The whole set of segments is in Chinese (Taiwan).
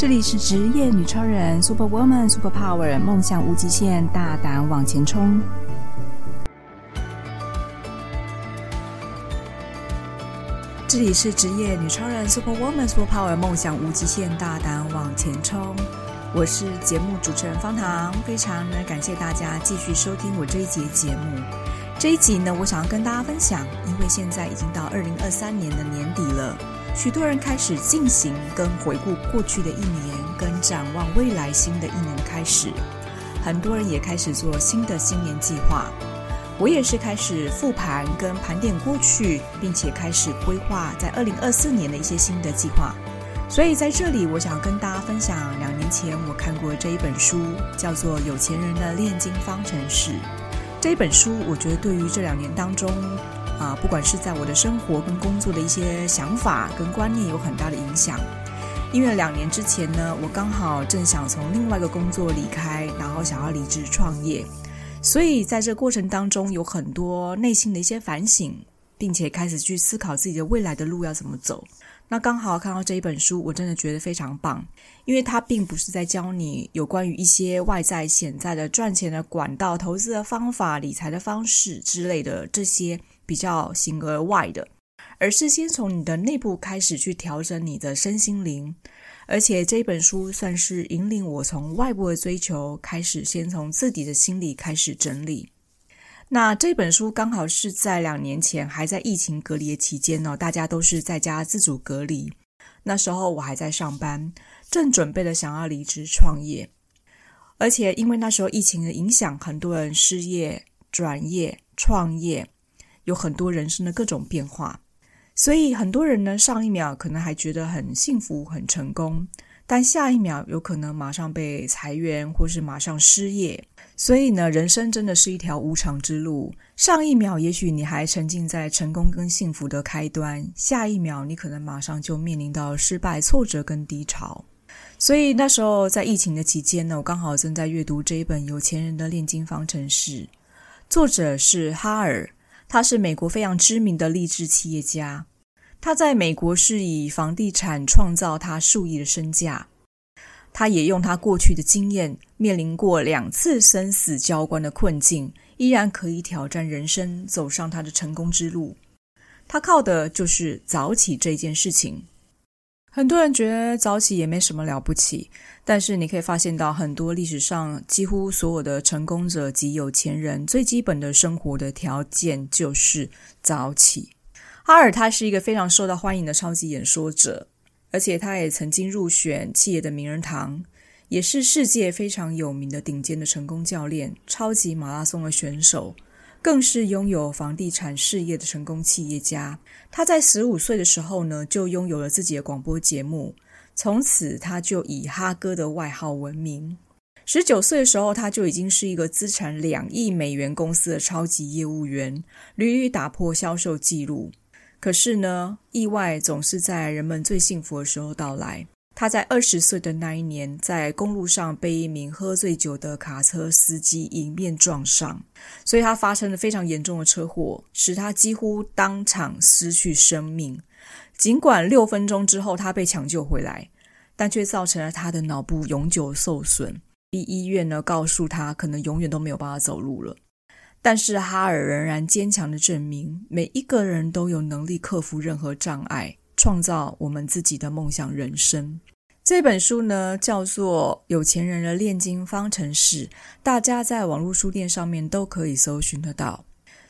這裡是職業女超人，Super Woman，Super Power，夢想無極限，大膽往前衝。這裡是職業女超人，Super Woman，Super Power，夢想無極限，大膽往前衝。我是節目主持人方糖，非常感謝大家繼續收聽我這一節節目。這一集呢，我想要跟大家分享，因為現在已經到二零二三年的年底了。許多人開始進行跟回顧過去的一年，跟展望未來新的一年開始，很多人也開始做新的新年計劃。我也是開始復盤跟盤點過去，並且開始規劃在二零二四年的一些新的計劃。所以在這裡，我想跟大家分享，兩年前我看過這一本書，叫做《有錢人的煉金方晨式》。這一本書，我覺得對於這兩年當中。啊，不管是在我的生活跟工作的一些想法跟觀念有很大的影響，因為兩年之前呢，我剛好正想從另外一個工作離開，然後想要離職創業，所以在這過程當中有很多內心的一些反省，並且開始去思考自己的未來的路要怎麼走。那剛好看到這一本書，我真的覺得非常棒，因為它並不是在教你有關於一些外在、潛在的賺錢的管道、投資的方法、理財的方式之類的這些。比較形而外的，而是先從你的內部開始去調整你的身心靈。而且這本書算是引領我從外部的追求開始，先從自己的心理開始整理。那這本書剛好是在兩年前，還在疫情隔離的期間呢、哦，大家都是在家自主隔離。那時候我還在上班，正準備了想要離職創業，而且因為那時候疫情的影響，很多人失業、轉業、創業。有很多人生的各種變化，所以很多人呢，上一秒可能還覺得很幸福、很成功，但下一秒有可能馬上被裁員，或是馬上失業。所以呢，人生真的是一條無常之路。上一秒也許你還沉浸在成功跟幸福的開端，下一秒你可能馬上就面臨到失敗、挫折跟低潮。所以那時候在疫情的期間呢，我剛好正在閱讀這一本《有錢人的煉金方晨式》，作者是哈爾。他是美國非常知名的勵志企業家，他在美國是以房地產創造他數億的身價。他也用他過去的經驗，面臨過兩次生死交關的困境，依然可以挑戰人生，走上他的成功之路。他靠的就是早起這件事情。很多人覺得早起也沒什麼了不起，但是你可以發現到，很多歷史上幾乎所有的成功者及有錢人，最基本的生活的條件就是早起。哈爾他是一個非常受到歡迎的超級演說者，而且他也曾經入選企業的名人堂，也是世界非常有名的頂尖的成功教練、超級馬拉松的選手。更是擁有房地產事業的成功企業家。他在十五歲的時候呢，就擁有了自己的廣播節目，從此他就以哈哥的外號聞名。十九歲的時候，他就已經是一個資產兩億美元公司的超級業務員，屢屢打破銷售記錄。可是呢，意外總是在人們最幸福的時候到來。他在二十歲的那一年，在公路上被一名喝醉酒的卡車司機迎面撞上，所以他發生了非常嚴重的車禍，使他幾乎當場失去生命。儘管六分鐘之後他被搶救回來，但卻造成了他的腦部永久受損，醫院呢告訴他可能永遠都沒有辦法走路了。但是哈爾仍然堅強地證明，每一個人都有能力克服任何障礙。創造我們自己的夢想人生。這本書呢，叫做《有錢人的煉金方晨式》，大家在網絡書店上面都可以搜尋得到。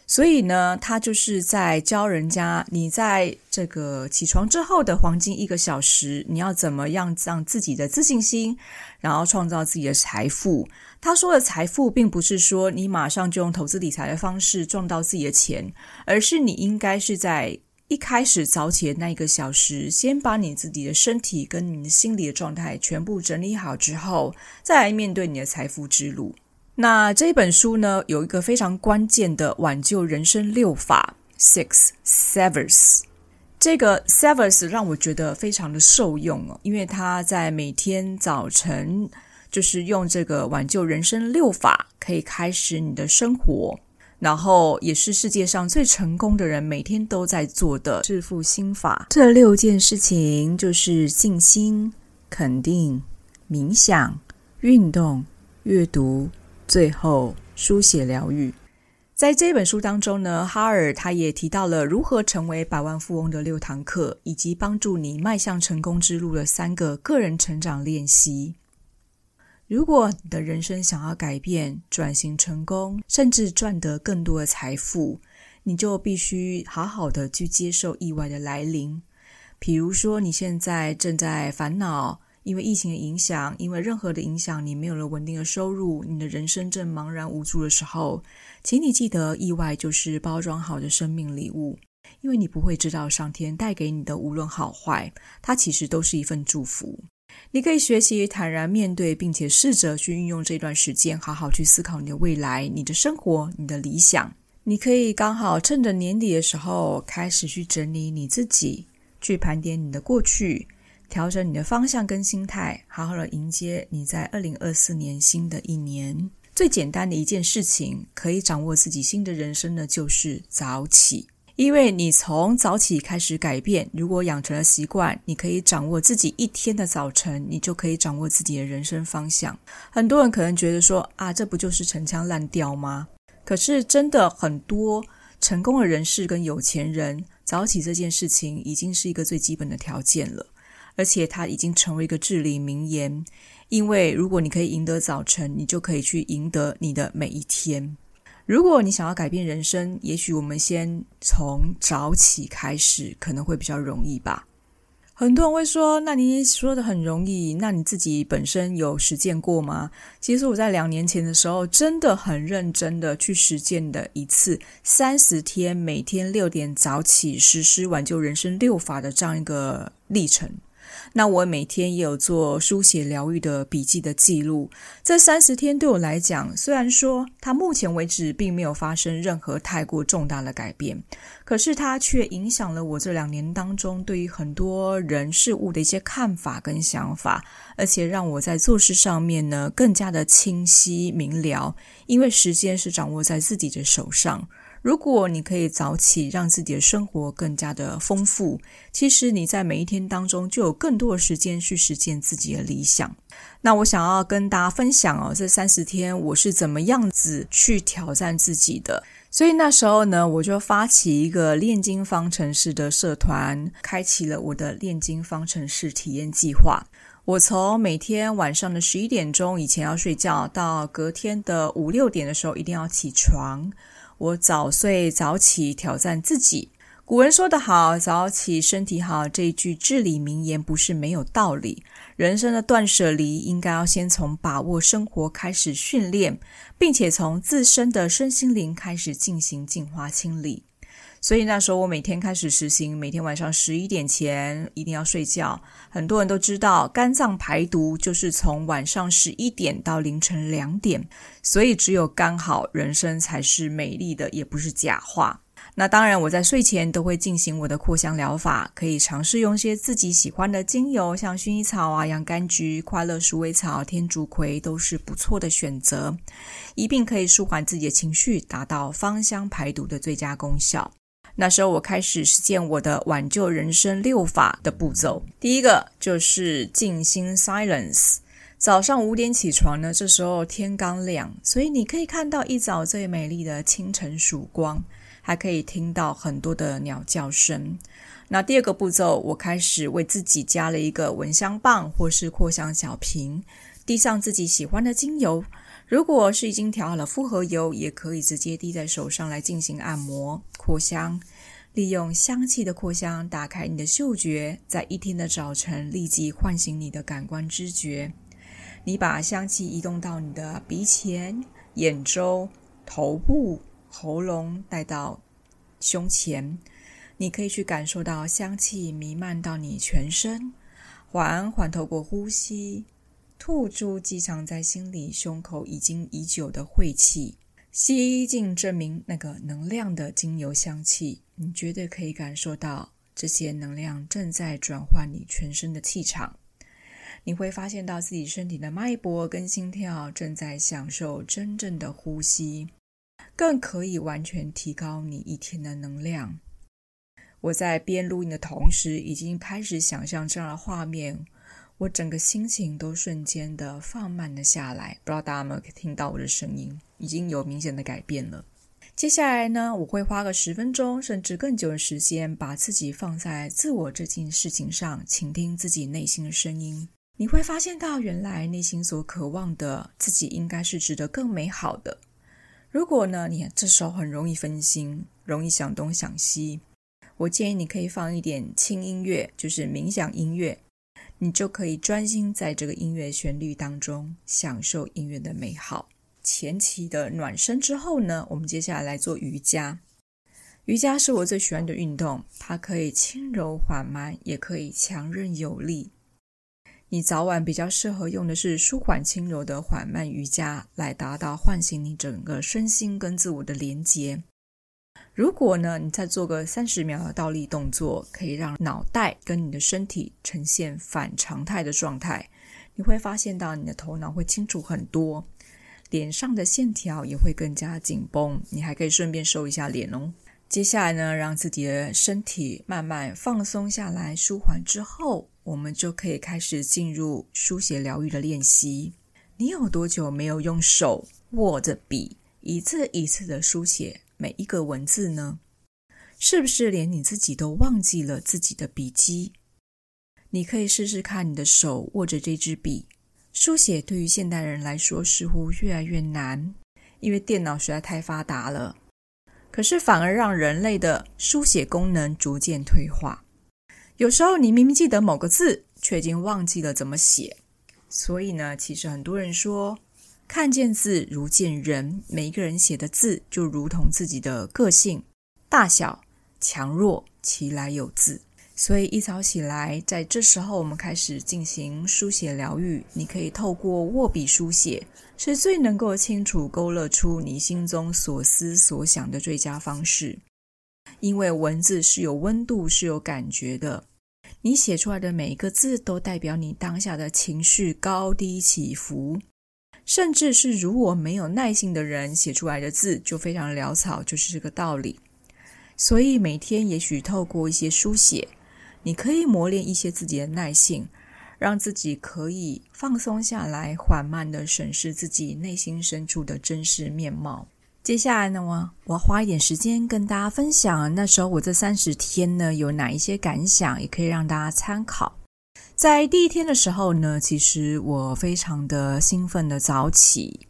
所以呢，他就是在教人家，你在這個起床之後的黃金一個小時，你要怎麼樣讓自己的自信心，然後創造自己的財富。他說的財富，並不是說你馬上就用投資理財的方式賺到自己的錢，而是你應該是在。一開始早起的那一個小時，先把你自己的身體跟你的心理的狀態全部整理好之後，再來面對你的財富之路。那這本書呢，有一個非常關鍵的挽救人生六法 （Six Savers）。這個 Savers 讓我覺得非常的受用哦，因為他在每天早晨就是用這個挽救人生六法，可以開始你的生活。然後也是世界上最成功的人每天都在做的致富心法。這六件事情就是靜心、肯定、冥想、運動、閱讀，最後書寫療癒。在這本書當中呢，哈爾他也提到了如何成為百萬富翁的六堂課，以及幫助你邁向成功之路的三個個人成長練習。如果你的人生想要改變、轉型成功，甚至賺得更多的財富，你就必須好好的去接受意外的來臨。比如說，你現在正在煩惱，因為疫情的影響，因為任何的影響，你沒有了穩定的收入，你的人生正茫然無助的時候，請你記得，意外就是包裝好的生命禮物，因為你不會知道上天帶給你的無論好壞，它其實都是一份祝福。你可以學習坦然面對，並且試着去運用這段時間，好好去思考你的未來、你的生活、你的理想。你可以剛好趁着年底的時候，開始去整理你自己，去盤點你的過去，調整你的方向跟心態，好好的迎接你在二零二四年新的一年。最簡單的一件事情，可以掌握自己新的人生呢，就是早起。因為你從早起開始改變，如果養成了習慣，你可以掌握自己一天的早晨，你就可以掌握自己的人生方向。很多人可能覺得說啊，這不就是陳腔濫調嗎？可是真的，很多成功的人士跟有錢人，早起這件事情已經是一個最基本的條件了，而且它已經成為一個至理名言。因為如果你可以贏得早晨，你就可以去贏得你的每一天。如果你想要改變人生，也許我們先從早起開始，可能會比較容易吧。很多人會說：“那你說的很容易，那你自己本身有實踐過嗎？”其實我在兩年前的時候，真的很認真的去實踐的一次，三十天，每天六點早起，實施挽救人生六法的這樣一個歷程。那我每天也有做書寫療癒的筆記的記錄。這三十天對我來講，雖然說它目前為止並沒有發生任何太過重大的改變，可是它卻影響了我這兩年當中對於很多人事物的一些看法跟想法，而且讓我在做事上面呢更加的清晰明了，因為時間是掌握在自己的手上。如果你可以早起，讓自己的生活更加的豐富，其實你在每一天當中就有更多的時間去實現自己的理想。那我想要跟大家分享哦，這三十天我是怎麼樣子去挑戰自己的。所以那時候呢，我就發起一個煉金芳晨式的社團，開啟了我的煉金芳晨式體驗計劃。我從每天晚上的十一點鐘以前要睡覺，到隔天的五六點的時候一定要起床。我早睡早起挑戰自己。古人說得好：“早起身體好。”這一句至理名言不是沒有道理。人生的斷舍離應該要先從把握生活開始訓練，並且從自身的身心靈開始進行淨化清理。所以那時候我每天開始實行，每天晚上十一點前一定要睡覺。很多人都知道，肝臟排毒就是從晚上十一點到凌晨兩點，所以只有肝好，人生才是美麗的，也不是假話。那當然，我在睡前都會進行我的擴香療法，可以嘗試用一些自己喜歡的精油，像薰衣草啊、洋甘菊、快樂鼠尾草、天竺葵都是不錯的選擇，一併可以舒緩自己的情緒，達到芳香排毒的最佳功效。那時候我開始實踐我的挽救人生六法的步驟，第一個就是靜心。 早上五點起床呢，這時候天剛亮，所以你可以看到一早最美麗的清晨曙光，還可以聽到很多的鳥叫聲。那第二個步驟，我開始為自己加了一個聞香棒或是擴香小瓶，滴上自己喜歡的精油。如果是已經調好了複合油，也可以直接滴在手上來進行按摩擴香。利用香氣的擴香，打開你的嗅覺，在一天的早晨立即喚醒你的感官知覺。你把香氣移動到你的鼻前、眼周、頭部、喉嚨，帶到胸前。你可以去感受到香氣彌漫到你全身，緩緩透過呼吸，吐出積藏在心裡、胸口已經已久的晦氣，吸進證明那個能量的精油香氣，你絕對可以感受到這些能量正在轉換你全身的氣場。你會發現到自己身體的脈搏跟心跳正在享受真正的呼吸，更可以完全提高你一天的能量。我在邊錄音的同時，已經開始想象這樣的畫面。我整個心情都瞬間的放慢了下來，不知道大家有沒有聽到我的聲音，已經有明顯的改變了。接下來呢，我會花個十分鐘甚至更久的時間，把自己放在自我這件事情上，傾聽自己內心的聲音。你會發現到，原來內心所渴望的自己，應該是值得更美好的。如果呢，你這時候很容易分心，容易想東想西，我建議你可以放一點輕音樂，就是冥想音樂。你就可以專心在這個音樂旋律當中，享受音樂的美好。前期的暖身之後呢，我們接下來來做瑜伽。瑜伽是我最喜歡的運動，它可以輕柔緩慢，也可以強韌有力。你早晚比較適合用的是舒緩輕柔的緩慢瑜伽，來達到喚醒你整個身心跟自我的連接。如果呢，你再做個三十秒的倒立動作，可以讓腦袋跟你的身體呈現反常態的狀態，你會發現到你的頭腦會清楚很多，臉上的線條也會更加緊繃，你還可以順便瘦一下臉哦。接下來呢，讓自己的身體慢慢放鬆下來，舒緩之後，我們就可以開始進入書寫療癒的練習。你有多久沒有用手握着筆，一次一次的書寫？每一個文字呢，是不是連你自己都忘記了自己的筆記？你可以試試看，你的手握着這支筆，書寫對於現代人來說似乎越來越難，因為電腦實在太發達了，可是反而讓人類的書寫功能逐漸退化。有時候你明明記得某個字，卻已經忘記了怎麼寫。所以呢，其實很多人說，看見字如見人，每一個人寫的字就如同自己的個性、大小、強弱，其來有自。所以一早起來，在這時候我們開始進行書寫療癒。你可以透過握筆書寫，是最能夠清楚勾勒出你心中所思所想的最佳方式。因為文字是有溫度、是有感覺的，你寫出來的每一個字都代表你當下的情緒高低起伏。甚至是如果沒有耐性的人寫出來的字就非常潦草，就是這個道理。所以每天也許透過一些書寫，你可以磨練一些自己的耐性，讓自己可以放鬆下來，緩慢地審視自己內心深處的真實面貌。接下來呢，我我要花一點時間跟大家分享，那時候我這三十天呢，有哪一些感想，也可以讓大家參考。在第一天的時候呢，其實我非常的興奮的早起，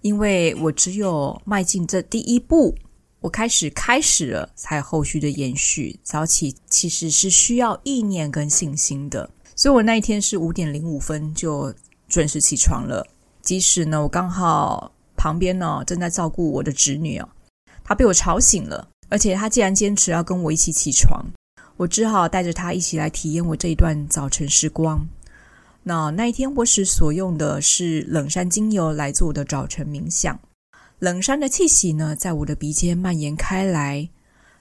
因為我只有邁進這第一步，我開始開始了，才有後續的延續。早起其實是需要意念跟信心的，所以我那一天是五點零五分就準時起床了。即使呢，我剛好旁邊呢、哦、正在照顧我的侄女哦，她被我吵醒了，而且她竟然堅持要跟我一起起床。我只好帶着他一起來體驗我這一段早晨時光。那那一天，我使所用的是冷杉精油來做我的早晨冥想。冷杉的氣息呢，在我的鼻尖蔓延開來。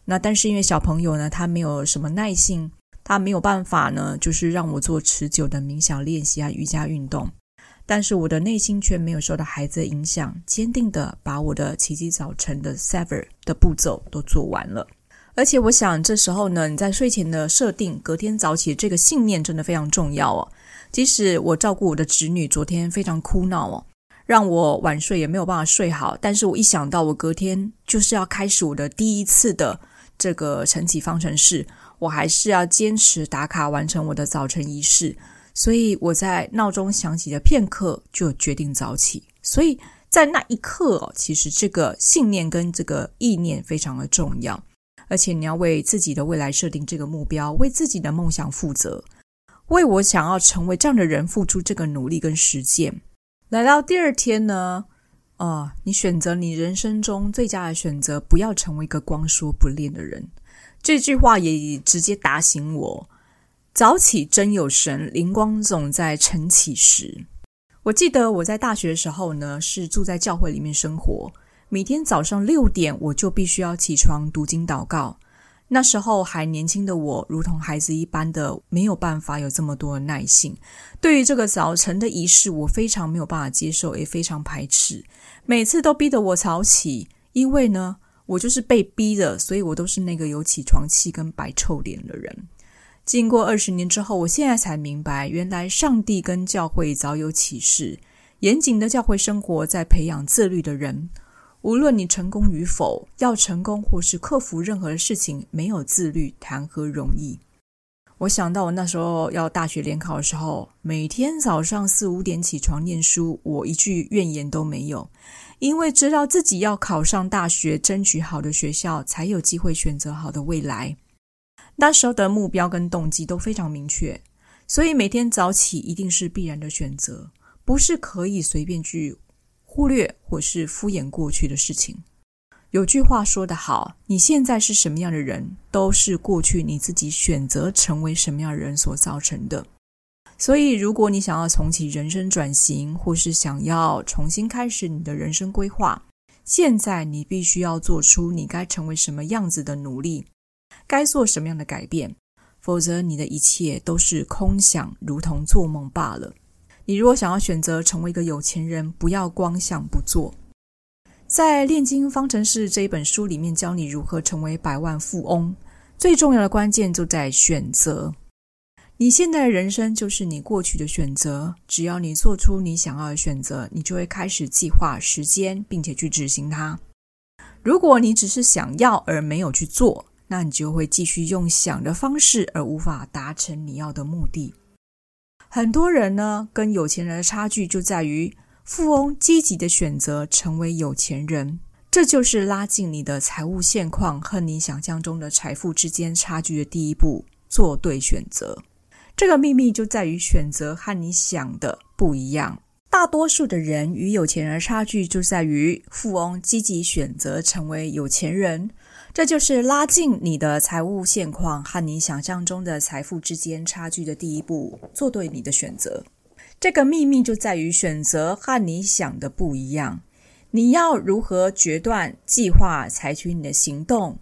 那但是因為小朋友呢，他沒有什麼耐性，他沒有辦法呢，就是讓我做持久的冥想練習啊、瑜伽運動。但是我的內心卻沒有受到孩子的影響，堅定的把我的奇蹟早晨的 SAVERS 的步驟都做完了。而且我想，這時候呢，你在睡前的設定，隔天早起這個信念真的非常重要哦。即使我照顧我的侄女，昨天非常哭鬧哦，讓我晚睡也沒有辦法睡好。但是我一想到我隔天就是要開始我的第一次的這個晨起方程式，我還是要堅持打卡完成我的早晨儀式。所以我在鬧鐘響起的片刻就決定早起。所以在那一刻哦，其實這個信念跟這個意念非常的重要。而且你要為自己的未來設定這個目標，為自己的夢想負責，為我想要成為這樣的人付出這個努力跟實踐。來到第二天呢，啊、哦，你選擇你人生中最佳的選擇，不要成為一個光說不練的人。這句話也直接打醒我：早起真有神，靈光總在晨起時。我記得我在大學的時候呢，是住在教會裡面生活。每天早上六點，我就必須要起床讀經禱告。那時候還年輕的我，如同孩子一般的沒有辦法有這麼多的耐性。對於這個早晨的儀式，我非常沒有辦法接受，也非常排斥。每次都逼得我早起，因為呢，我就是被逼的，所以我都是那個有起床氣跟白臭臉的人。經過二十年之後，我現在才明白，原來上帝跟教會早有啟示，嚴謹的教會生活在培養自律的人。無論你成功與否，要成功或是克服任何的事情，沒有自律，談何容易？我想到我那時候要大學聯考的時候，每天早上四五點起床念書，我一句怨言都沒有，因為知道自己要考上大學，爭取好的學校，才有機會選擇好的未來。那時候的目標跟動機都非常明確，所以每天早起一定是必然的選擇，不是可以隨便去。忽略或是敷衍過去的事情。有句話說得好，你現在是什麼樣的人，都是過去你自己選擇成為什麼樣的人所造成的。所以，如果你想要重啟人生轉型，或是想要重新開始你的人生規劃，現在你必須要做出你該成為什麼樣子的努力，該做什麼樣的改變，否則你的一切都是空想，如同做夢罷了。你如果想要選擇成為一個有錢人，不要光想不做。在《煉金方晨式》這一本書裡面，教你如何成為百萬富翁。最重要的關鍵就在選擇。你現在的人生就是你過去的選擇。只要你做出你想要的選擇，你就會開始計劃時間，並且去執行它。如果你只是想要而沒有去做，那你就會繼續用想的方式，而無法達成你要的目的。很多人呢，跟有錢人的差距就在於富翁積極的選擇成為有錢人，這就是拉近你的財務現況和你想象中的財富之間差距的第一步，做對選擇。這個秘密就在於選擇和你想的不一樣。大多數的人與有錢人的差距就在於富翁積極選擇成為有錢人。這就是拉近你的財務現況和你想象中的財富之間差距的第一步，做對你的選擇。這個秘密就在於選擇和你想的不一樣。你要如何決斷、計劃、採取你的行動？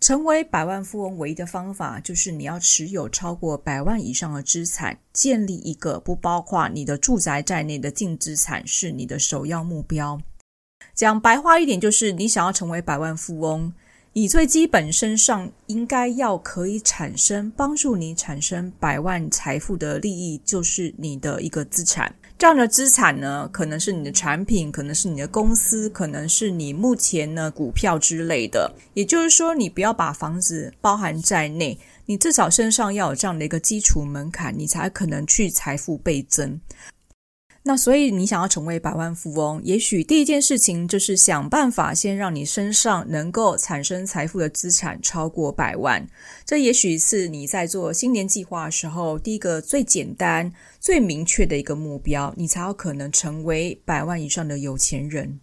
成為百萬富翁唯一的方法就是你要持有超過百萬以上的資產，建立一個不包括你的住宅在內的淨資產，是你的首要目標。講白話一點，就是你想要成為百萬富翁。你最基本身上應該要可以產生幫助你產生百萬財富的利益，就是你的一個資產。這樣的資產呢，可能是你的產品，可能是你的公司，可能是你目前呢股票之類的。也就是說，你不要把房子包含在內，你至少身上要有這樣的一個基礎門檻，你才可能去財富倍增。那所以，你想要成為百萬富翁，也許第一件事情就是想辦法先讓你身上能夠產生財富的資產超過百萬。這也許是你在做新年計劃的時候第一個最簡單、最明確的一個目標，你才有可能成為百萬以上的有錢人。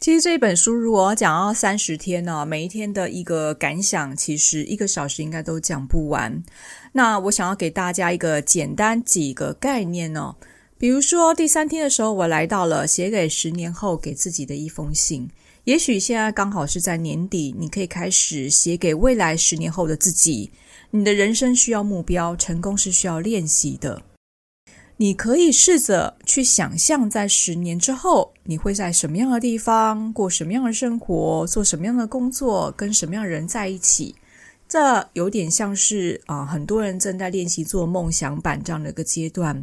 其實這本書，如果要講到三十天呢、啊，每一天的一個感想，其實一個小時應該都講不完。那我想要給大家一個簡單幾個概念呢、啊。比如說，第三天的時候，我來到了寫給十年後給自己的一封信。也許現在剛好是在年底，你可以開始寫給未來十年後的自己。你的人生需要目標，成功是需要練習的。你可以試着去想象，在十年之後，你會在什麼樣的地方過什麼樣的生活，做什麼樣的工作，跟什麼樣的人在一起。這有點像是啊、呃，很多人正在練習做夢想板這樣的一個階段。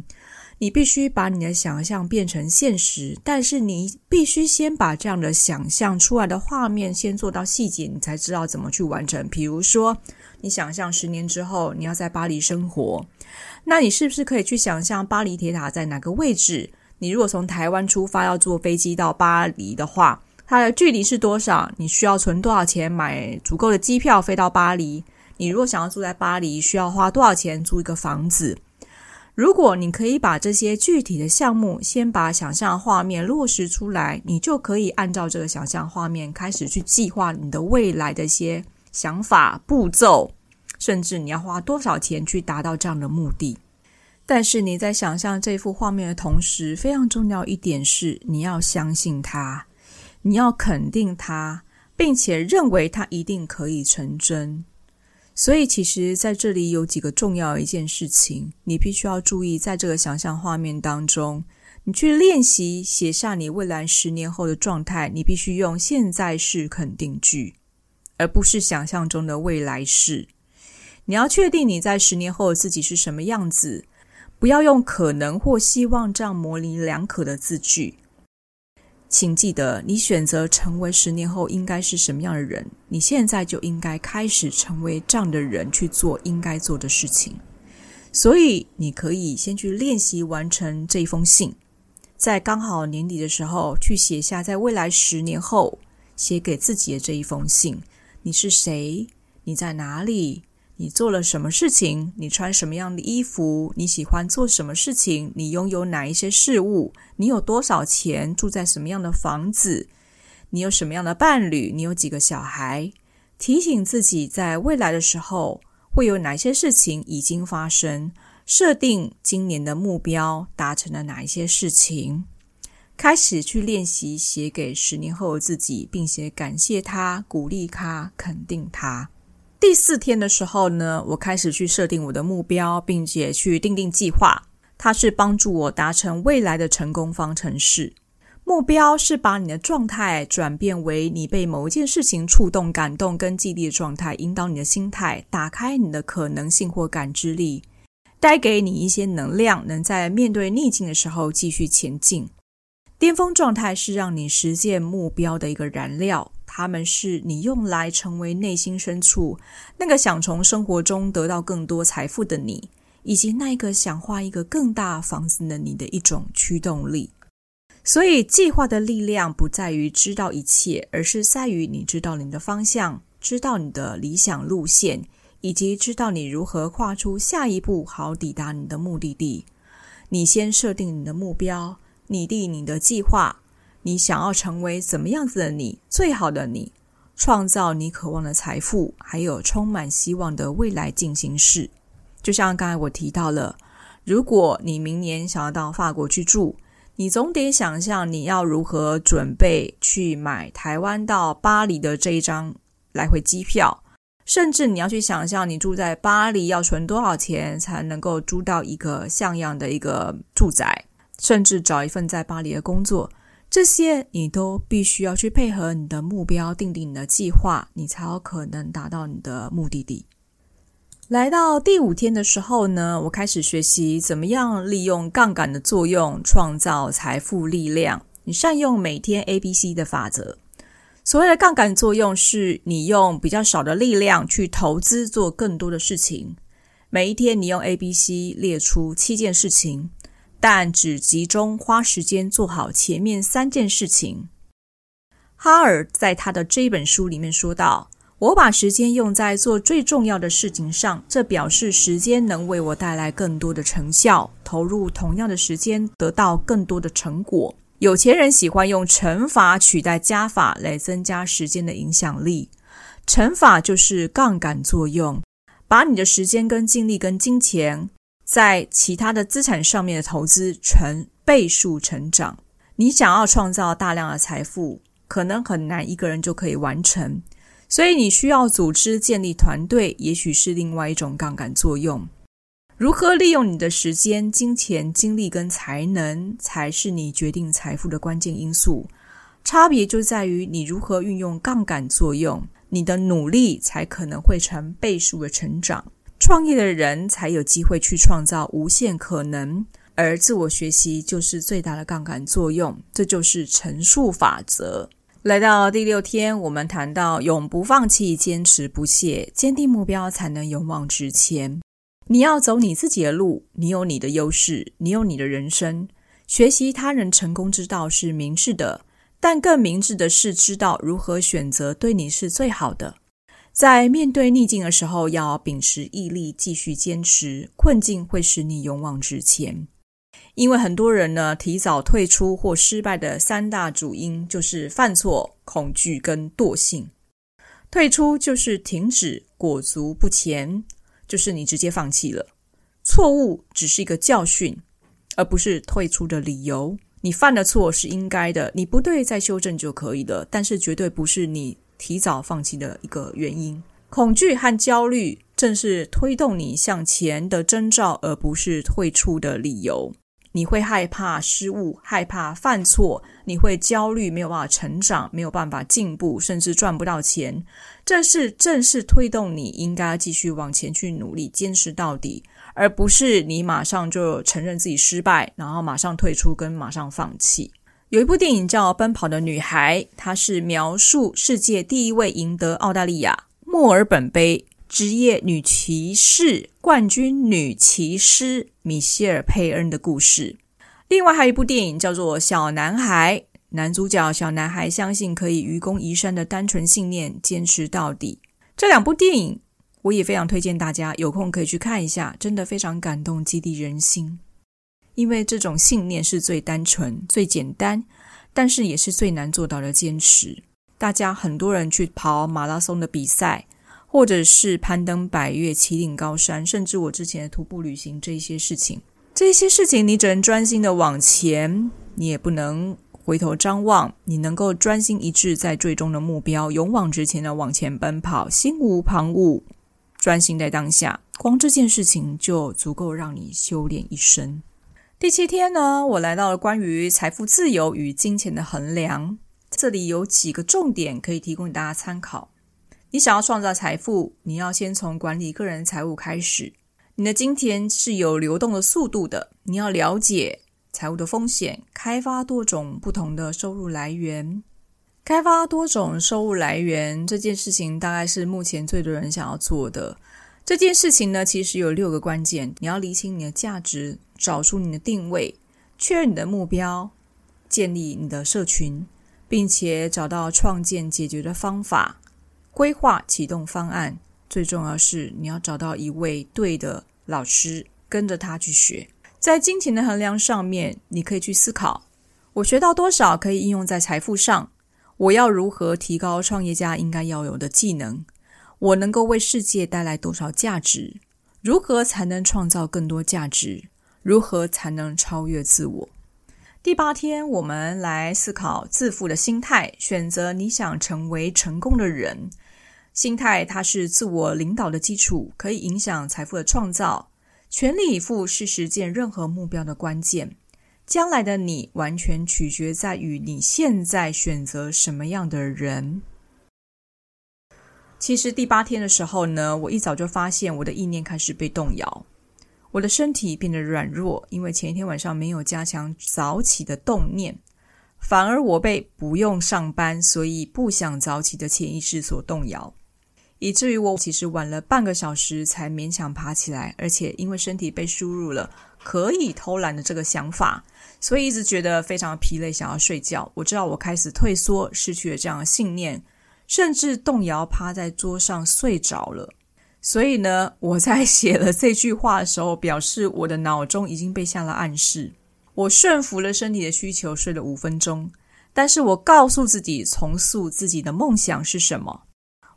你必須把你的想象變成現實，但是你必須先把這樣的想象出來的畫面先做到細節，你才知道怎麼去完成。比如說，你想象十年之後你要在巴黎生活，那你是不是可以去想象巴黎鐵塔在哪個位置？你如果從台灣出發要坐飛機到巴黎的話，它的距離是多少？你需要存多少錢買足夠的機票飛到巴黎？你如果想要住在巴黎，需要花多少錢租一個房子？如果你可以把這些具體的項目，先把想象的畫面落實出來，你就可以按照這個想象畫面開始去計劃你的未來的一些想法、步驟，甚至你要花多少錢去達到這樣的目的。但是你在想象這幅畫面的同時，非常重要一點是，你要相信它，你要肯定它，並且認為它一定可以成真。所以，其實在這裡有幾個重要的一件事情，你必須要注意，在這個想象畫面當中，你去練習寫下你未來十年後的狀態，你必須用現在式肯定句，而不是想象中的未來式。你要確定你在十年後的自己是什麼樣子，不要用可能或希望這樣模稜兩可的字句。請記得，你選擇成為十年後應該是什麼樣的人，你現在就應該開始成為這樣的人，去做應該做的事情。所以，你可以先去練習完成這一封信，在剛好年底的時候去寫下在未來十年後寫給自己的這一封信。你是誰？你在哪裡？你做了什麼事情？你穿什麼樣的衣服？你喜歡做什麼事情？你擁有哪一些事物？你有多少錢？住在什麼樣的房子？你有什麼樣的伴侶？你有幾個小孩？提醒自己，在未來的時候會有哪些事情已經發生？設定今年的目標，達成了哪一些事情？開始去練習寫給十年後的自己，並且感謝他，鼓勵他，肯定他。第四天的時候呢，我開始去設定我的目標，並且去訂定計劃。它是幫助我達成未來的成功方程式。目標是把你的狀態轉變為你被某一件事情觸動、感動跟激勵的狀態，引導你的心態，打開你的可能性或感知力，帶給你一些能量，能在面對逆境的時候繼續前進。巔峰狀態是讓你實現目標的一個燃料。他們是你用來成為內心深處那個想從生活中得到更多財富的你，以及那個想畫一個更大房子的你的一種驅動力。所以，計劃的力量不在於知道一切，而是在於你知道你的方向，知道你的理想路線，以及知道你如何畫出下一步，好抵達你的目的地。你先設定你的目標，擬定你的計劃。你想要成為怎麼樣子的你？最好的你，創造你渴望的財富，還有充滿希望的未來進行式。就像剛才我提到了，如果你明年想要到法國去住，你總得想象你要如何準備去買台灣到巴黎的這一張來回機票，甚至你要去想象你住在巴黎要存多少錢才能夠租到一個像樣的一個住宅，甚至找一份在巴黎的工作。這些你都必須要去配合你的目標，定定你的計劃，你才有可能達到你的目的地。來到第五天的時候呢，我開始學習怎麼樣利用槓桿的作用創造財富力量。你善用每天 ABC 的法則。所謂的槓桿作用，是你用比較少的力量去投資做更多的事情。每一天你用 ABC 列出七件事情。但只集中花時間做好前面三件事情。哈爾在他的這本書裡面說道：“我把時間用在做最重要的事情上，這表示時間能為我帶來更多的成效。投入同樣的時間，得到更多的成果。有錢人喜歡用乘法取代加法來增加時間的影響力。乘法就是槓桿作用，把你的時間、跟精力、跟金錢。”在其他的資產上面的投資成倍數成長，你想要創造大量的財富，可能很難一個人就可以完成，所以你需要組織建立團隊，也許是另外一種槓桿作用。如何利用你的時間、金錢、精力跟才能，才是你決定財富的關鍵因素。差別就在於你如何運用槓桿作用，你的努力才可能會成倍數的成長。創業的人才有機會去創造無限可能，而自我學習就是最大的槓桿作用，這就是乘數法則。來到第六天，我們談到永不放棄、堅持不懈、堅定目標，才能勇往直前。你要走你自己的路，你有你的優勢，你有你的人生。學習他人成功之道是明智的，但更明智的是知道如何選擇對你是最好的。在面對逆境的時候，要秉持毅力，繼續堅持。困境會使你勇往直前。因為很多人呢，提早退出或失敗的三大主因，就是犯錯、恐懼跟惰性。退出就是停止，裹足不前，就是你直接放棄了。錯誤只是一個教訓，而不是退出的理由。你犯了錯是應該的，你不對，再修正就可以了。但是絕對不是你。提早放棄的一個原因，恐懼和焦慮正是推動你向前的徵兆，而不是退出的理由。你會害怕失誤，害怕犯錯，你會焦慮，沒有辦法成長，沒有辦法進步，甚至賺不到錢。正是正是推動你應該繼續往前去努力，堅持到底，而不是你馬上就承認自己失敗，然後馬上退出，跟馬上放棄。有一部電影叫《奔跑的女孩》，它是描述世界第一位贏得澳大利亞墨爾本杯職業女騎士冠軍女騎士米歇爾·佩恩的故事。另外還有一部電影叫做《小男孩》，男主角小男孩相信可以愚公移山的單純信念，堅持到底。這兩部電影我也非常推薦大家有空可以去看一下，真的非常感動，激勵人心。因為這種信念是最單純、最簡單，但是也是最難做到的堅持。大家很多人去跑馬拉松的比賽，或者是攀登百岳、崎嶇高山，甚至我之前的徒步旅行這些事情，這些事情你只能專心的往前，你也不能回頭張望。你能夠專心一致在最終的目標，勇往直前的往前奔跑，心無旁騖，專心在當下，光這件事情就足夠讓你修煉一生。第七天呢，我來到了關於財富自由與金錢的衡量。這裡有幾個重點可以提供給大家參考。你想要創造財富，你要先從管理個人財務開始。你的金錢是有流動的速度的，你要了解財務的風險，開發多種不同的收入來源。開發多種收入來源這件事情，大概是目前最多人想要做的。這件事情呢，其實有六個關鍵，你要理清你的價值。找出你的定位，確認你的目標，建立你的社群，並且找到創建解決的方法，規劃啟動方案。最重要是你要找到一位對的老師，跟着他去學。在金錢的衡量上面，你可以去思考：我學到多少可以應用在財富上？我要如何提高創業家應該要有的技能？我能夠為世界帶來多少價值？如何才能創造更多價值？如何才能超越自我？第八天，我們來思考自負的心態。選擇你想成為成功的人，心態它是自我領導的基礎，可以影響財富的創造。全力以赴是實現任何目標的關鍵。將來的你，完全取決在於你現在選擇什麼樣的人。其實第八天的時候呢，我一早就發現我的意念開始被動搖。我的身體變得軟弱，因為前一天晚上沒有加強早起的動念，反而我被不用上班，所以不想早起的潛意識所動搖，以至於我其實晚了半個小時才勉強爬起來，而且因為身體被輸入了可以偷懶的這個想法，所以一直覺得非常疲累，想要睡覺。我知道我開始退縮，失去了這樣的信念，甚至動搖，趴在桌上睡着了。所以呢，我在寫了這句話的時候，表示我的腦中已經被下了暗示。我順服了身體的需求，睡了五分鐘，但是我告訴自己重塑自己的夢想是什麼。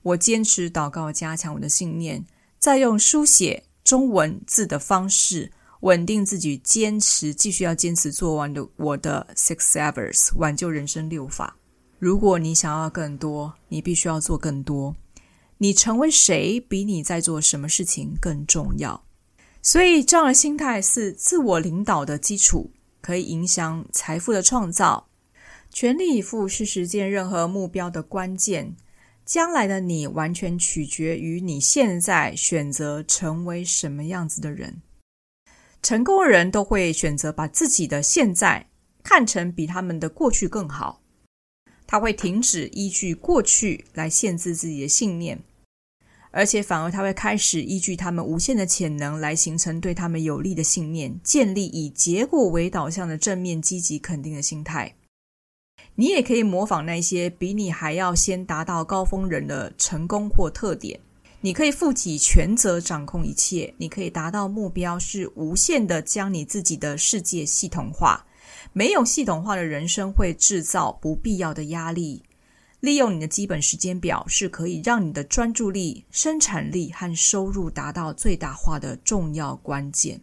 我堅持禱告，加強我的信念，再用書寫中文字的方式穩定自己，堅持繼續要堅持做完的我的 SAVERS 挽救人生六法。如果你想要更多，你必須要做更多。你成為誰比你在做什麼事情更重要？所以這樣的心態是自我領導的基礎，可以影響財富的創造。全力以赴是實現任何目標的關鍵。將來的你完全取決於你現在選擇成為什麼樣子的人。成功的人都會選擇把自己的現在看成比他們的過去更好。他會停止依據過去來限制自己的信念。而且反而，他會開始依據他們無限的潛能來形成對他們有利的信念，建立以結果為導向的正面、積極、肯定的心態。你也可以模仿那些比你還要先達到高峰人的成功或特點。你可以負起全責，掌控一切。你可以達到目標，是無限的。將你自己的世界系統化，沒有系統化的人生會製造不必要的壓力。利用你的基本時間表，是可以讓你的專注力、生產力和收入達到最大化的重要關鍵。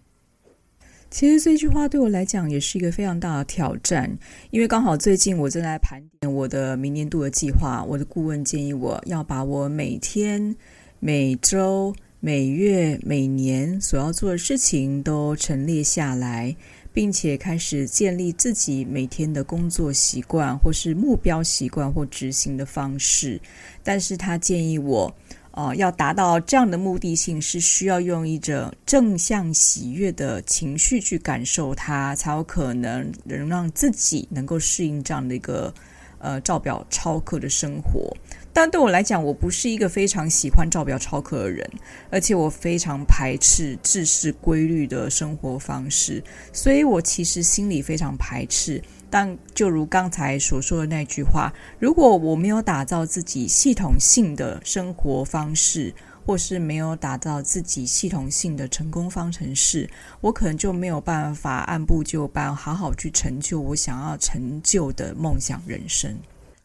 其實這句話對我來講也是一個非常大的挑戰，因為剛好最近我正在盤點我的明年度的計劃。我的顧問建議我要把我每天、每週、每月、每年所要做的事情都陳列下來。並且開始建立自己每天的工作習慣，或是目標習慣或執行的方式。但是他建議我，呃，要達到這樣的目的性，是需要用一種正向喜悅的情緒去感受它，才有可能能讓自己能夠適應這樣的一個呃照表操課的生活。但對我來講，我不是一個非常喜歡照表操課的人，而且我非常排斥制式規律的生活方式，所以我其實心裡非常排斥。但就如剛才所說的那句話，如果我沒有打造自己系統性的生活方式，或是沒有打造自己系統性的成功方程式，我可能就沒有辦法按部就班，好好去成就我想要成就的夢想人生。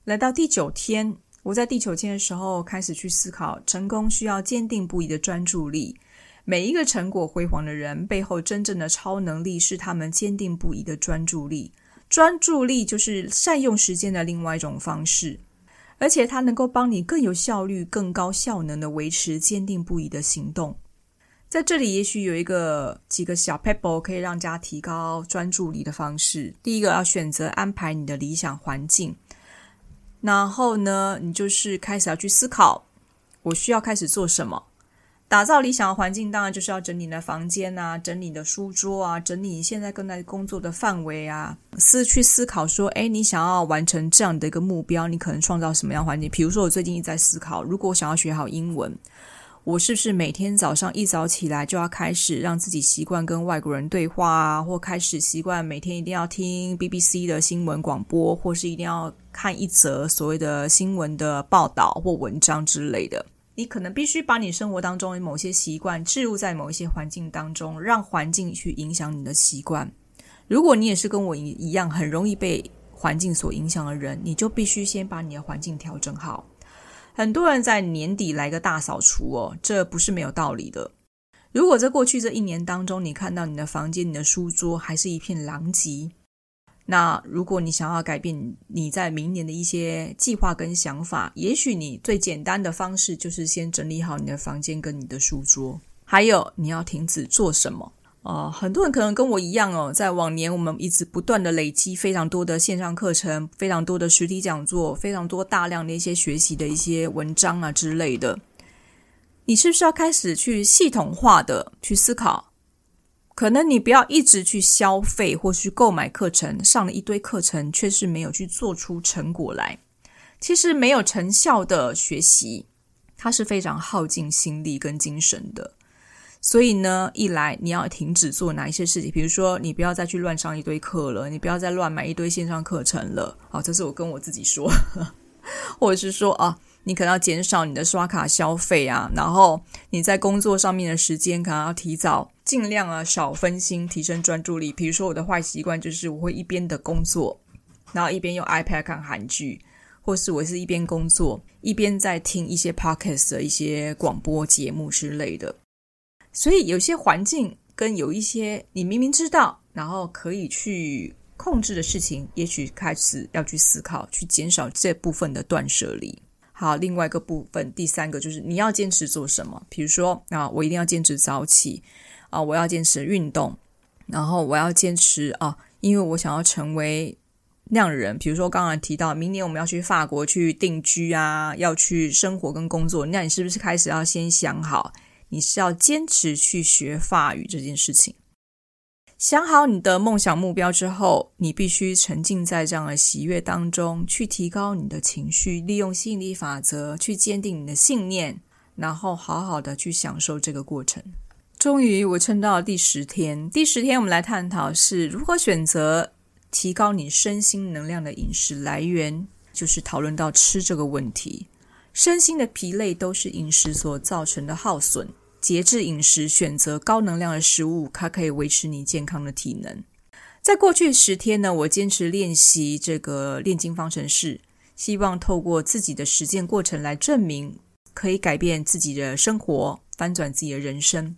來到第九天。我在第九天的時候，開始去思考成功需要堅定不移的專注力。每一個成果輝煌的人背後，真正的超能力是他們堅定不移的專注力。專注力就是善用時間的另外一種方式，而且它能夠幫你更有效率、更高效能的維持堅定不移的行動。在這裡，也許有一個幾個小撇步可以讓大家提高專注力的方式。第一個，要選擇安排你的理想環境。然後呢，你就是開始要去思考，我需要開始做什麼？打造理想的環境，當然就是要整理你的房間吶、啊，整理你的書桌啊，整理你現在正在工作的範圍啊，思去思考說，哎，你想要完成這樣的一個目標，你可能創造什麼樣的環境？比如說，我最近一直在思考，如果我想要學好英文。我是不是每天早上一早起來就要開始讓自己習慣跟外國人對話啊，或開始習慣每天一定要聽 BBC 的新聞廣播，或是一定要看一則所謂的新聞的報道或文章之類的。你可能必須把你生活當中的某些習慣置入在某一些環境當中，讓環境去影響你的習慣。如果你也是跟我一一樣，很容易被環境所影響的人，你就必須先把你的環境調整好。很多人在年底來個大掃除哦，這不是沒有道理的。如果在過去這一年當中，你看到你的房間、你的書桌還是一片狼藉，那如果你想要改變你在明年的一些計劃跟想法，也許你最簡單的方式就是先整理好你的房間跟你的書桌，還有你要停止做什麼。啊、哦，很多人可能跟我一樣哦，在往年我們一直不斷的累積非常多的線上課程，非常多的實體講座，非常多大量的一些學習的一些文章啊之類的。你是不是要開始去系統化的去思考？可能你不要一直去消費或去購買課程，上了一堆課程卻是沒有去做出成果來。其實沒有成效的學習，它是非常耗盡心力跟精神的。所以呢，一來你要停止做哪一些事情，比如說你不要再去亂上一堆課了，你不要再亂買一堆線上課程了。好、哦，這是我跟我自己說，呵呵，或者是說啊、哦，你可能要減少你的刷卡消費啊，然後你在工作上面的時間可能要提早，盡量啊少分心，提升專注力。比如說我的壞習慣就是我會一邊的工作，然後一邊用 iPad 看韓劇，或是我是一邊工作一邊在聽一些 Podcast 的一些廣播節目之類的。所以有些環境跟有一些你明明知道，然後可以去控制的事情，也許開始要去思考，去減少這部分的斷捨離。好，另外一個部分，第三個就是你要堅持做什麼。比如說，啊，我一定要堅持早起，啊，我要堅持運動，然後我要堅持啊，因為我想要成為那樣的人。比如說，我剛剛提到明年我們要去法國去定居啊，要去生活跟工作，那你是不是開始要先想好？你是要堅持去學法語這件事情。想好你的夢想目標之後，你必須沉浸在這樣的喜悅當中，去提高你的情緒，利用吸引力法則去堅定你的信念，然後好好的去享受這個過程。終於，我撐到了第十天。第十天，我們來探討是如何選擇提高你身心能量的飲食來源，就是討論到吃這個問題。身心的疲累都是飲食所造成的耗損。節制飲食，選擇高能量的食物，它可以維持你健康的體能。在過去十天呢，我堅持練習這個煉金方晨式，希望透過自己的實踐過程來證明，可以改變自己的生活，翻轉自己的人生。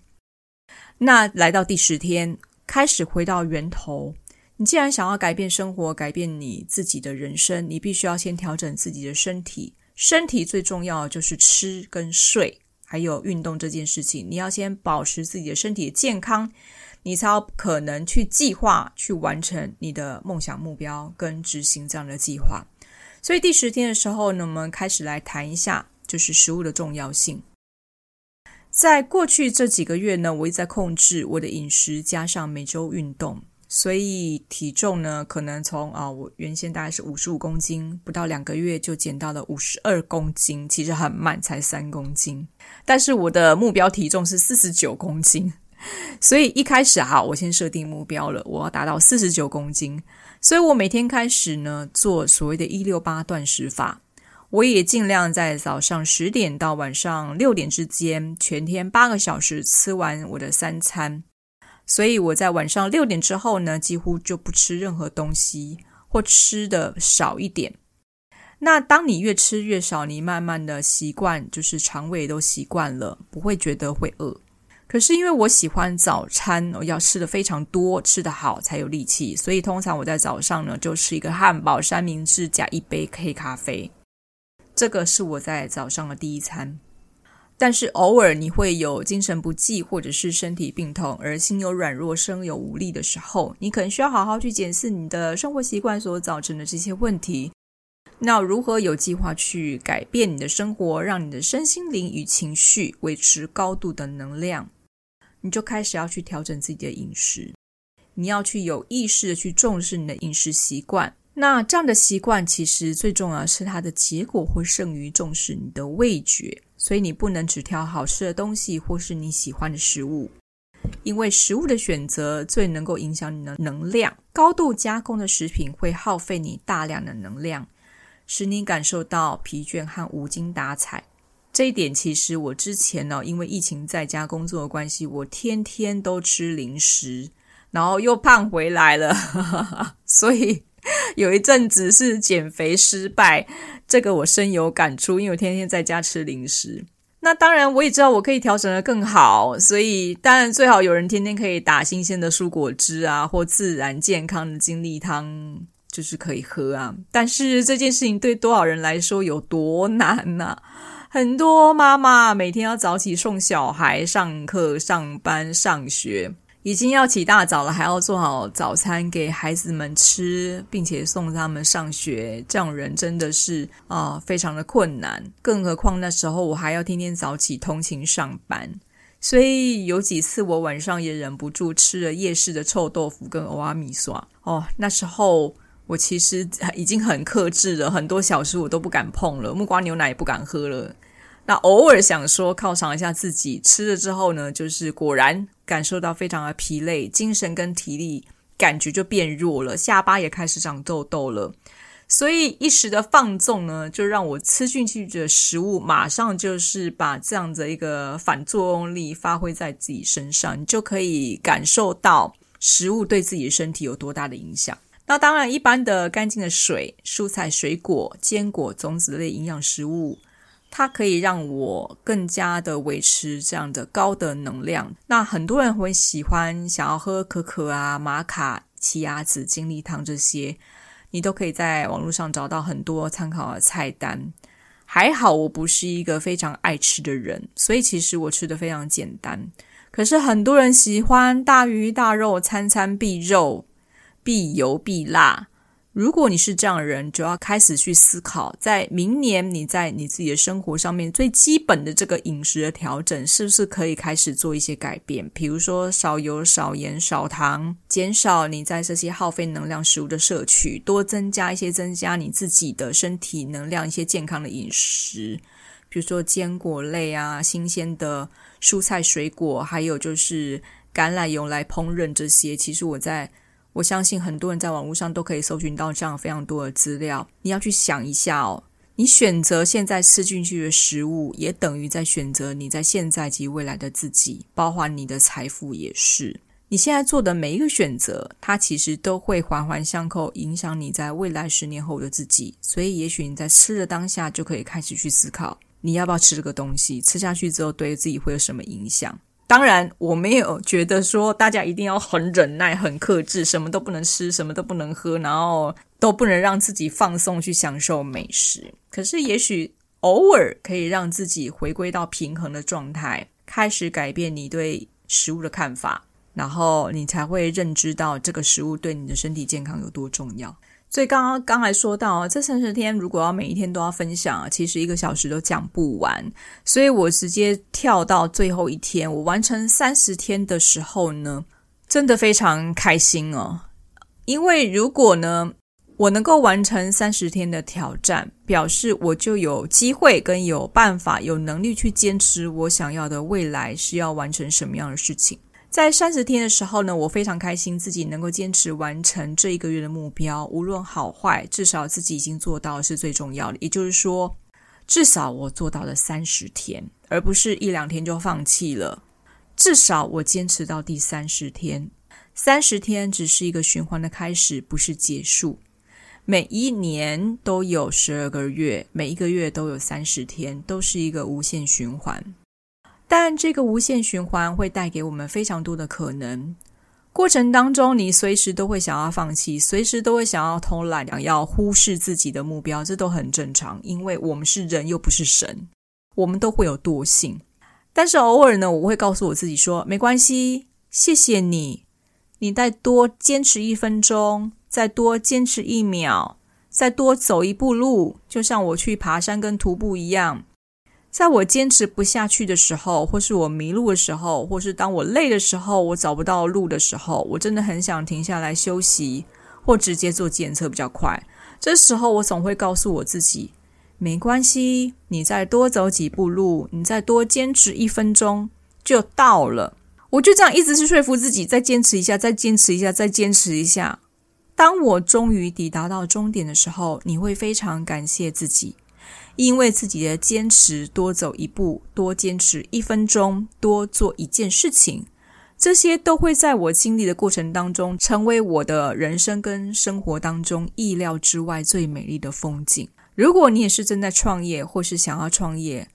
那來到第十天，開始回到源頭。你既然想要改變生活，改變你自己的人生，你必須要先調整自己的身體。身體最重要的就是吃跟睡。還有運動這件事情，你要先保持自己的身體健康，你才有可能去計劃、去完成你的夢想目標跟執行這樣的計劃。所以第十天的時候呢，我們開始來談一下就是食物的重要性。在過去這幾個月呢，我一直在控制我的飲食，加上每周運動。所以體重呢，可能從啊、哦，我原先大概是五十五公斤，不到兩個月就減到了五十二公斤，其實很慢，才三公斤。但是我的目標體重是四十九公斤，所以一開始哈、啊，我先設定目標了，我要達到四十九公斤。所以我每天開始呢，做所謂的“一六八”斷食法，我也盡量在早上十點到晚上六點之間，全天八個小時吃完我的三餐。所以我在晚上六點之後呢，幾乎就不吃任何東西，或吃的少一點。那當你越吃越少，你慢慢的習慣，就是腸胃都習慣了，不會覺得會餓。可是因為我喜歡早餐，我要吃的非常多，吃的好才有力氣。所以通常我在早上呢，就吃一個漢堡三明治加一杯黑咖啡。這個是我在早上的第一餐。但是偶爾你會有精神不濟或者是身體病痛，而心有軟弱、身有無力的時候，你可能需要好好去檢視你的生活習慣所造成的這些問題。那如何有計劃去改變你的生活，讓你的身心靈與情緒維持高度的能量？你就開始要去調整自己的飲食，你要去有意識的去重視你的飲食習慣。那這樣的習慣其實最重要的是它的結果會勝於重視你的味覺。所以你不能只挑好吃的東西或是你喜歡的食物，因為食物的選擇最能夠影響你的能量。高度加工的食品會耗費你大量的能量，使你感受到疲倦和無精打采。這一點其實我之前呢、哦，因為疫情在家工作的關係，我天天都吃零食，然後又胖回來了。 所以。 有一陣子是減肥失敗，這個我深有感觸，因為我天天在家吃零食。那當然，我也知道我可以調整得更好，所以當然最好有人天天可以打新鮮的蔬果汁啊，或自然健康的精力湯，就是可以喝啊。但是這件事情對多少人來說有多難啊？很多媽媽每天要早起送小孩上課、上班、上學。已經要起大早了，還要做好早餐給孩子們吃，並且送他們上學，這樣人真的是啊、哦，非常的困難。更何況那時候我還要天天早起通勤上班，所以有幾次我晚上也忍不住吃了夜市的臭豆腐跟蚵仔麵線。哦，那時候我其實已經很克制了，很多小吃我都不敢碰了，木瓜牛奶也不敢喝了。那偶爾想說犒賞一下自己，吃了之後呢，就是果然感受到非常的疲累，精神跟體力感覺就變弱了，下巴也開始長痘痘了。所以一時的放縱呢，就讓我吃進去的食物，馬上就是把這樣的一個反作用力發揮在自己身上，你就可以感受到食物對自己的身體有多大的影響。那當然，一般的乾淨的水、蔬菜、水果、堅果、種子類營養食物。它可以讓我更加的維持這樣的高的能量。那很多人會喜歡想要喝可可啊、瑪卡、奇亞籽、精力湯這些，你都可以在網絡上找到很多參考的菜單。還好我不是一個非常愛吃的人，所以其實我吃的非常簡單。可是很多人喜歡大魚大肉，餐餐必肉，必油必辣。如果你是這樣的人，就要開始去思考，在明年你在你自己的生活上面最基本的這個飲食的調整，是不是可以開始做一些改變？比如說少油、少鹽、少糖，減少你在這些耗費能量食物的攝取，多增加一些增加你自己的身體能量，一些健康的飲食，比如說堅果類啊、新鮮的蔬菜水果，還有就是橄欖油來烹飪這些。其實我在。我相信很多人在網絡上都可以搜尋到這樣非常多的資料。你要去想一下哦，你選擇現在吃進去的食物，也等於在選擇你在現在及未來的自己，包括你的財富也是。你現在做的每一個選擇，它其實都會環環相扣，影響你在未來十年後的自己。所以，也許你在吃的當下，就可以開始去思考，你要不要吃這個東西？吃下去之後，對自己會有什麼影響？當然，我沒有覺得說大家一定要很忍耐、很克制，什麼都不能吃，什麼都不能喝，然後都不能讓自己放鬆去享受美食。可是，也許偶爾可以讓自己回歸到平衡的狀態，開始改變你對食物的看法，然後你才會認知到這個食物對你的身體健康有多重要。所以剛剛才說到，這三十天如果要每一天都要分享，其實一個小時都講不完。所以我直接跳到最後一天。我完成三十天的時候呢，真的非常開心哦。因為如果呢，我能夠完成三十天的挑戰，表示我就有機會跟有辦法、有能力去堅持我想要的未來是要完成什麼樣的事情。在三十天的時候呢，我非常開心自己能夠堅持完成這一個月的目標，無論好壞，至少自己已經做到的是最重要的。也就是說，至少我做到了三十天，而不是一兩天就放棄了。至少我堅持到第三十天，三十天只是一個循環的開始，不是結束。每一年都有十二個月，每一個月都有三十天，都是一個無限循環。但這個無限循環會帶給我們非常多的可能。過程當中，你隨時都會想要放棄，隨時都會想要偷懶，想要忽視自己的目標，這都很正常，因為我們是人，又不是神，我們都會有惰性。但是偶爾呢，我會告訴我自己說：“沒關係，謝謝你，你再多堅持一分鐘，再多堅持一秒，再多走一步路，就像我去爬山跟徒步一樣。”在我堅持不下去的時候，或是我迷路的時候，或是當我累的時候，我找不到路的時候，我真的很想停下來休息，或直接做檢測比較快。這時候，我總會告訴我自己，沒關係，你再多走幾步路，你再多堅持一分鐘就到了。我就這樣一直去說服自己，再堅持一下，再堅持一下，再堅持一下。當我終於抵達到終點的時候，你會非常感謝自己。因為自己的堅持，多走一步，多堅持一分鐘，多做一件事情，這些都會在我經歷的過程當中，成為我的人生跟生活當中意料之外最美麗的風景。如果你也是正在創業，或是想要創業，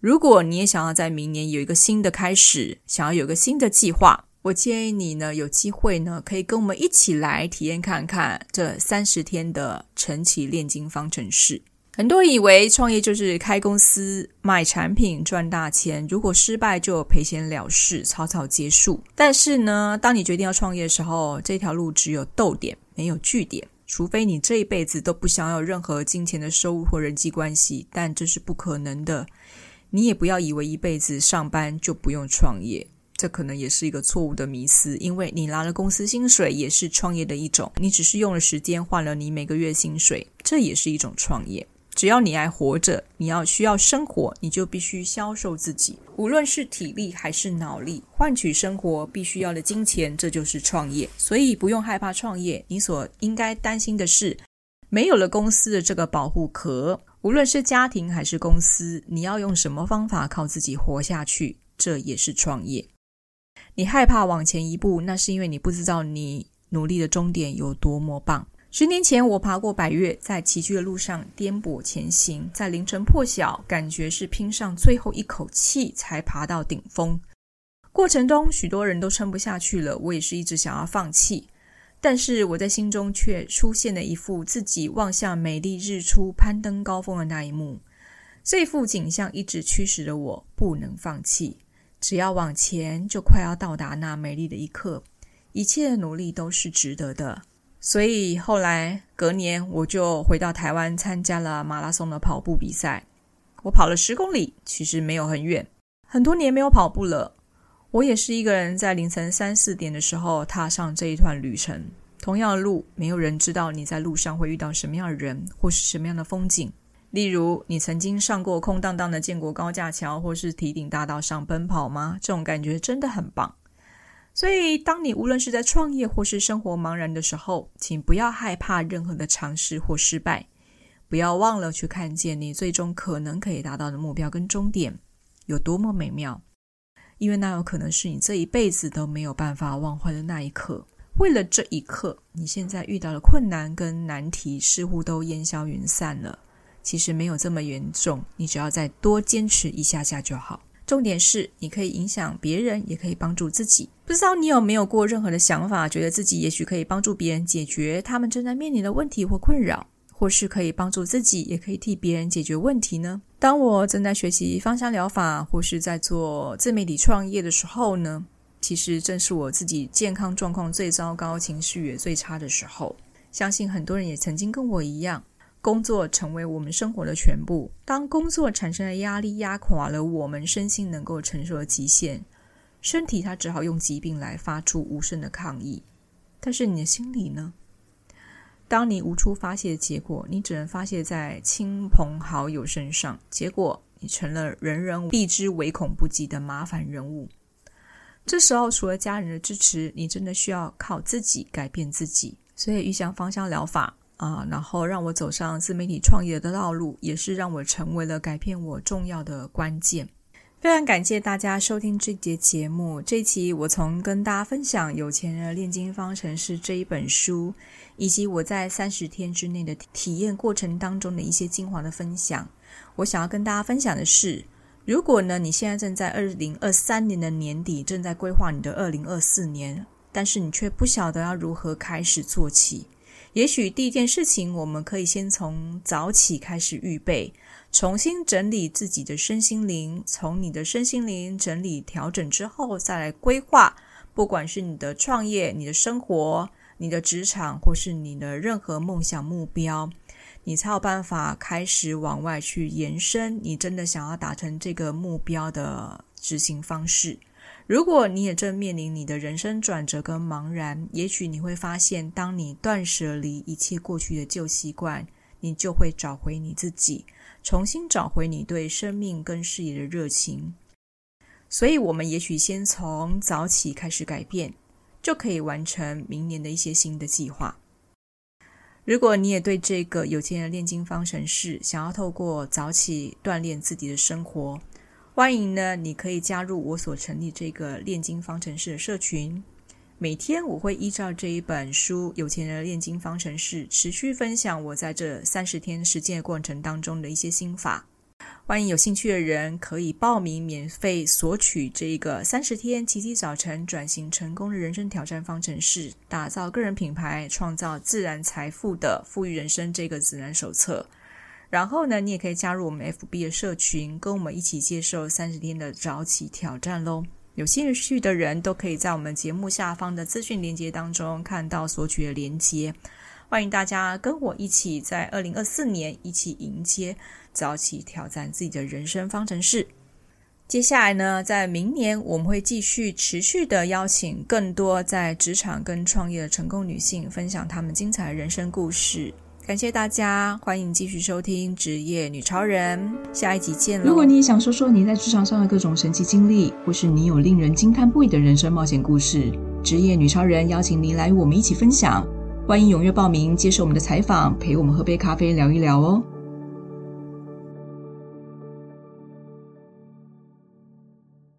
如果你也想要在明年有一個新的開始，想要有一個新的計劃，我建議你呢，有機會呢，可以跟我們一起來體驗看看這三十天的晨起煉金方程式。很多人以為創業就是開公司賣產品賺大錢，如果失敗就賠錢了事，草草結束。但是呢，當你決定要創業的時候，這條路只有逗點，沒有句點。除非你這一輩子都不想要任何金錢的收入或人際關係，但這是不可能的。你也不要以為一輩子上班就不用創業，這可能也是一個錯誤的迷思。因為你拿了公司薪水也是創業的一種，你只是用了時間換了你每個月薪水，這也是一種創業。只要你還活着，你要需要生活，你就必須銷售自己，無論是體力還是腦力，換取生活必須要的金錢，這就是創業。所以不用害怕創業，你所應該擔心的是，沒有了公司的這個保護殼，無論是家庭還是公司，你要用什麼方法靠自己活下去，這也是創業。你害怕往前一步，那是因為你不知道你努力的終點有多麼棒。十年前，我爬過百岳，在崎嶇的路上顛簸前行，在凌晨破曉，感覺是拼上最後一口氣才爬到頂峰。過程中，許多人都撐不下去了，我也是一直想要放棄。但是，我在心中卻出現了一幅自己望向美麗日出、攀登高峰的那一幕。這幅景象一直驅使着我不能放棄，只要往前，就快要到達那美麗的一刻，一切的努力都是值得的。所以後來隔年，我就回到台灣參加了馬拉松的跑步比賽。我跑了十公里，其實沒有很遠。很多年沒有跑步了，我也是一個人在凌晨三四點的時候踏上這一段旅程。同樣的路，沒有人知道你在路上會遇到什麼樣的人或是什麼樣的風景。例如，你曾經上過空蕩蕩的建國高架橋，或是堤頂大道上奔跑嗎？這種感覺真的很棒。所以，當你無論是在創業或是生活茫然的時候，請不要害怕任何的嘗試或失敗，不要忘了去看見你最終可能可以達到的目標跟終點有多麼美妙，因為那有可能是你這一輩子都沒有辦法忘懷的那一刻。為了這一刻，你現在遇到的困難跟難題似乎都煙消雲散了，其實沒有這麼嚴重，你只要再多堅持一下下就好。重點是，你可以影響別人，也可以幫助自己。不知道你有沒有過任何的想法，覺得自己也許可以幫助別人解決他們正在面臨的問題或困擾，或是可以幫助自己，也可以替別人解決問題呢？當我正在學習芳香療法，或是在做自媒體創業的時候呢，其實正是我自己健康狀況最糟糕，情緒也最差的時候。相信很多人也曾經跟我一樣。工作成為我們生活的全部。當工作產生的壓力壓垮了我們身心能夠承受的極限，身體它只好用疾病來發出無聲的抗議。但是你的心理呢？當你無處發洩的結果，你只能發洩在親朋好友身上，結果你成了人人避之唯恐不及的麻煩人物。這時候，除了家人的支持，你真的需要靠自己改變自己。所以，預想芳香療法。啊，然後讓我走上自媒體創業的道路，也是讓我成為了改變我重要的關鍵。非常感謝大家收聽這節節目。這一期我從跟大家分享《有錢人的煉金方晨式》這一本書，以及我在三十天之內的體驗過程當中的一些精華的分享。我想要跟大家分享的是，如果呢你現在正在二零二三年的年底，正在規劃你的二零二四年，但是你卻不曉得要如何開始做起。也許第一件事情，我們可以先從早起開始預備，重新整理自己的身心靈。從你的身心靈整理調整之後，再來規劃，不管是你的創業、你的生活、你的職場，或是你的任何夢想目標，你才有辦法開始往外去延伸。你真的想要達成這個目標的執行方式。如果你也正面臨你的人生轉折跟茫然，也許你會發現，當你斷捨離一切過去的舊習慣，你就會找回你自己，重新找回你對生命跟事業的熱情。所以，我們也許先從早起開始改變，就可以完成明年的一些新的計劃。如果你也對這個有錢人的煉金方程式想要透過早起鍛鍊自己的生活。歡迎呢，你可以加入我所成立這個煉金芳晨式的社群。每天我會依照這一本書《有錢人的煉金方晨式》持續分享我在這三十天實踐過程當中的一些心法。歡迎有興趣的人可以報名免費索取這個三十天奇蹟早晨轉型成功的人生挑戰方程式，打造個人品牌，創造自由芳香的富裕人生這個指南手冊。然後呢，你也可以加入我們 FB 的社群，跟我們一起接受三十天的早起挑戰嘍。有興趣的人都可以在我們節目下方的資訊連結當中看到索取的連結。歡迎大家跟我一起在二零二四年一起迎接早起挑戰自己的人生方程式。接下來呢，在明年我們會繼續持續的邀請更多在職場跟創業的成功女性，分享她們精彩的人生故事。感謝大家，歡迎繼續收聽《職業女超人》，下一集見了。如果你也想說說你在職場上的各種神奇經歷，或是你有令人驚嘆不已的人生冒險故事，《職業女超人》邀請您來與我們一起分享。歡迎踴躍報名，接受我們的採訪，陪我們喝杯咖啡，聊一聊哦。